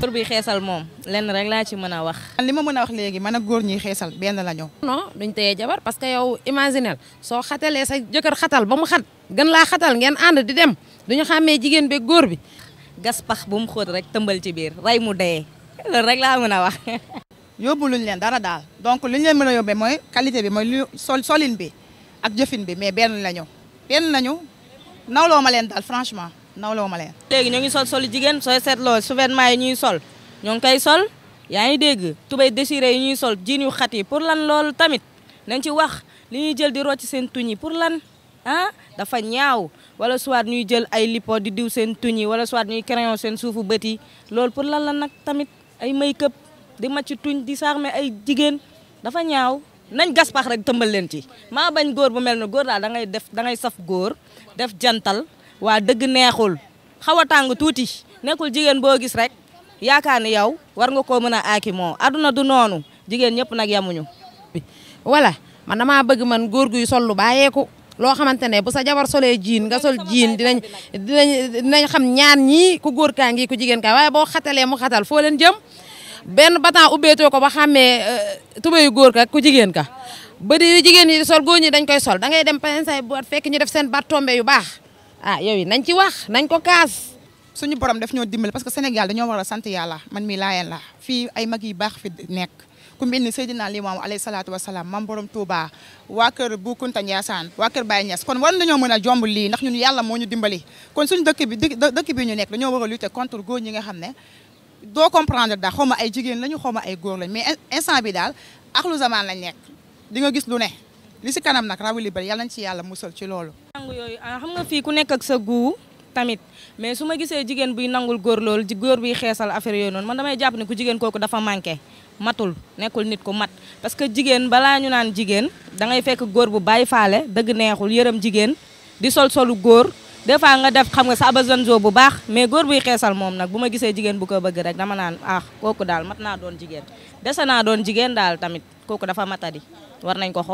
góor buy xeesal moom lenn rek laa ci mën a wax. li ma mën a wax léegi man ak góor ñuy xeesal benn la ñëw. non duñ tëye jabar parce que yow imaginel soo xatalee sa jëkkër xatal ba mu xat gën laa xatal ngeen ànd di dem duñu xàmmee jigéen beeg góor bi. gas pax bu mu xóot rek tëmbal ci biir rey mu dee loolu rek laa mën a wax. yóbbu luñ leen dara daal donc luñ leen mën a yóbbee mooy qualité bi mooy lu sol solin bi ak jëfin bi mais benn na ñëw benn la ñu nawloo ma leen daal franchement. nawloo ma leen. léegi ñoo ngi sol solu jigéen sooy seetloo sous-vêtements yi ñuy sol ñoo ngi koy sol yaa ngi dégg tubéy déchiré yi ñuy sol jiin yu xat yi pour lan loolu tamit nañ ci wax li ñuy jël di rocc seen tuñ yi pour lan ah dafa ñaaw wala soit ñuy jël ay lipo di diw seen tuñ yi wala soit ñuy crayon seen sufu bët yi loolu pour lan la nag tamit ay make di màcc tuñ di sarme ay jigéen dafa ñaaw. nañ gas pax rek tëmbal leen ci maa bañ góor bu mel ne góor daal da ngay def da ngay saf góor def jantal. waa dëgg neexul xaw a tàng tuuti nekkul jigéen boo gis rek yaakaar ni yow war nga koo mën a aaki moo aduna du noonu jigéen ñëpp nag yamuñu. wala man damaa bëgg man góor guy sol lu bàyyeeku loo xamante ne bu sa sol solee jiin nga sol jiin dinañ dinañ dinañ xam ñaan ñii ku góor kaa ngi ku jigéen kaa waaye boo xatalee mu xatal foo leen jëm benn batan ubbeetoo ko ba xàmmee euh, tubéyu góor ka ku jigéen ka ba di jigéen yi sol góor koy sol da ngay dem pensay bu fekk ñu def seen baat yu baa ah yow yi nañ ci wax nañ ko kaas. suñu borom daf ñoo dimbali parce que Sénégal dañoo war a sant yàlla man mii laayeen la fii ay mag yu baax fi nekk. ku mel ni Seydina Limaamu aley salaatu wa salaam mam borom Touba waa kër Bu Kunta Ndiassane waa kër Baye Niass kon war nañoo mën a jomb lii ndax ñun yàlla moo ñu dimbali kon suñu dëkk bi dëkk bi ñu nekk dañoo war a lutter contre góor ñi nga xam ne doo comprendre daal xaw ma ay jigéen lañu xaw ma ay góor lañ mais instant bi daal axlu zaman lañ nekk di nga gis lu ne li si kanam nag rawu libéré yal nañ ci yàlla musal ci loolu. nangu yooyu ah, xam nga fii ku nekk ak sa guu tamit mais su ma gisee jigéen buy nangul góor loolu góor buy xeesal affaire yooyu noonu man damay jàpp ne ku jigéen kooku matul nekkul nit ku mat parce que jigéen balaa ñu naan jigéen da fekk góor bu bàyyi faale dëgg neexul yërëm jigéen di sol solu góor des fois nga def xam nga sa abazanzo bu baax mais góor buy xeesal moom nag bu ma gisee jigéen bu ko bëgg rek dama naan ah kooku daal mat naa doon jigéen dese naa doon jigéen daal tamit kooku dafa matadi war nañ ko